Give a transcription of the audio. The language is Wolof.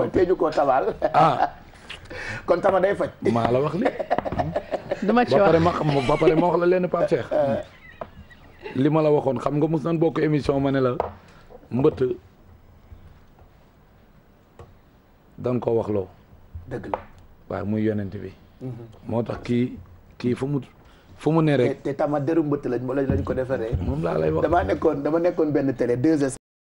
koo teeñu ko tabaal. ah kon tama day faj. maa la wax li dama ci ba pare ma xam ba pare ma wax la leen Pape Cheikh. Ah. li ma la waxoon xam nga mos nan bokk émission ma ne la mbëtt da nga wax loo. dëgg la waaw muy yonent bi. Mhm. moo tax kii kii fu mu. fu mu ne rek te tama dëru mbëtt lañ lañ ko defaree. moom laa lay wax dama nekkoon dama nekkoon benn télé